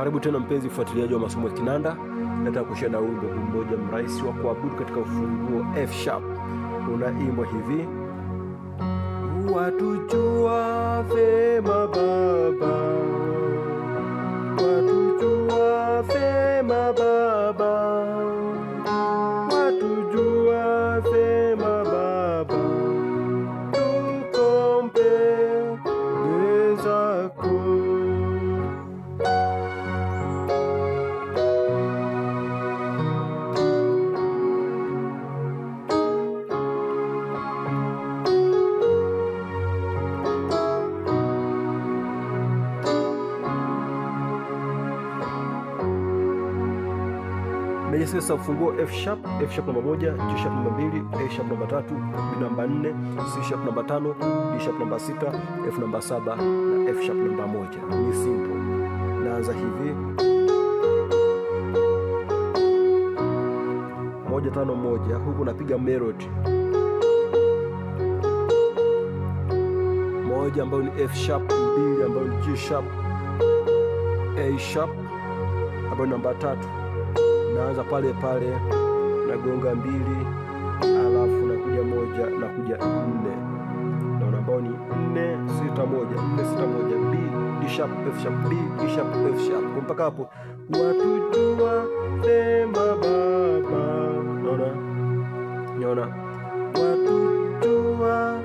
Karibu tena mpenzi mfuatiliaji wa masomo ya kinanda, nataka kushare na wimbo mmoja mrahisi wa kuabudu katika ufunguo F sharp. Unaimbwa hivi: watujua vema Baba, watujua vema Baba hiyo sasa ufunguo F sharp, F sharp namba moja, G sharp namba mbili, A sharp namba tatu, B namba nne, C sharp namba tano, D sharp namba sita, F namba saba na F sharp namba moja. Ni simple. Naanza hivi moja tano moja, huku napiga melody moja ambayo ni F sharp, mbili ambayo ni G sharp, A sharp ambayo namba tatu naanza pale pale, nagonga mbili, alafu nakuja moja, nakuja nne, naona ambao ni nne sita moja, nne sita moja, B D sharp F sharp B D sharp F sharp mpaka hapo. Watujua tema baba, naona naona watujua.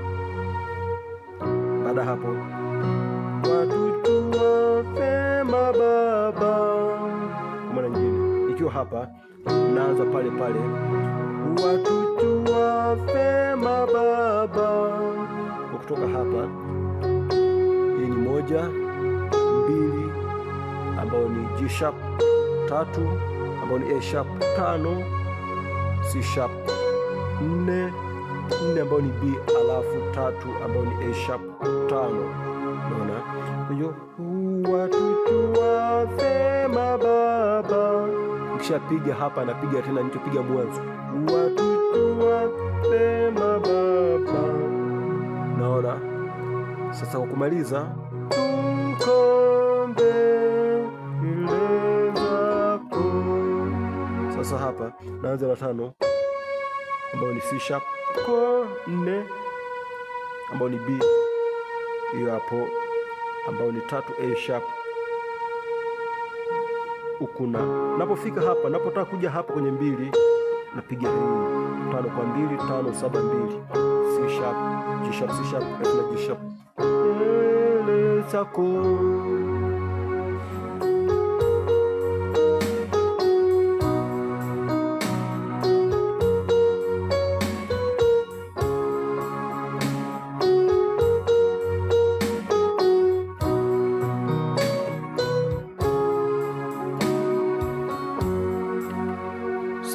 Baada hapo hapa, naanza pale pale, Watutu wa Baba. Kwa kutoka hapa, hii ni moja mbili, ambayo ni G sharp tatu, ambayo ni A sharp tano, C sharp nne nne ambayo ni B alafu tatu ambayo ni A sharp tano. Unaona hiyo watutu wafema Baba Ukishapiga hapa napiga tena, nitopiga mwanzo mapema baba. Naona sasa kwa kumaliza sasa hapa naanza na tano ambayo ni C sharp nne ambayo ni B hiyo hapo ambayo ni tatu A sharp ukuna. Napofika hapa, napotaka kuja hapa kwenye mbili, napiga nini? Tano kwa mbili, tano saba mbili, C sharp, G sharp, C sharp, F na G sharp. Ele chako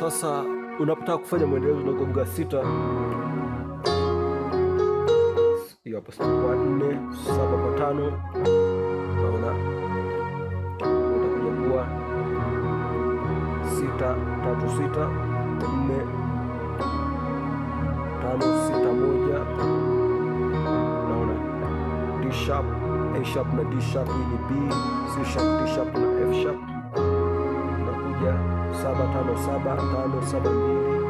Sasa unapotaka kufanya mwendelezo unagonga sita, hiyo hapo, sita kwa nne, saba kwa tano, naona utakuja kuwa sita tatu sita nne tano sita moja, naona D sharp, A sharp na D sharp, hii ni B, C sharp, D sharp na F sharp saba tano saba tano saba mbili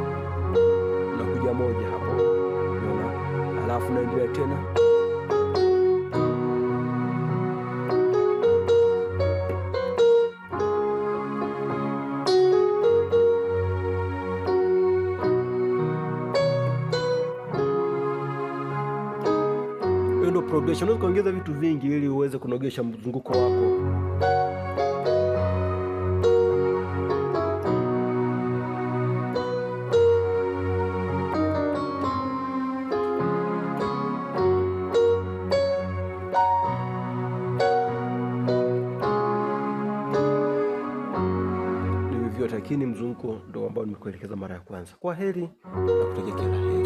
unakuja moja hapo, unaona, halafu naendelea tena Progression. Unaweza kuongeza vitu vingi ili uweze kunogesha mzunguko wako. lakini mzunguko ndo ambao nimekuelekeza mara ya kwanza. Kwa heri na heri.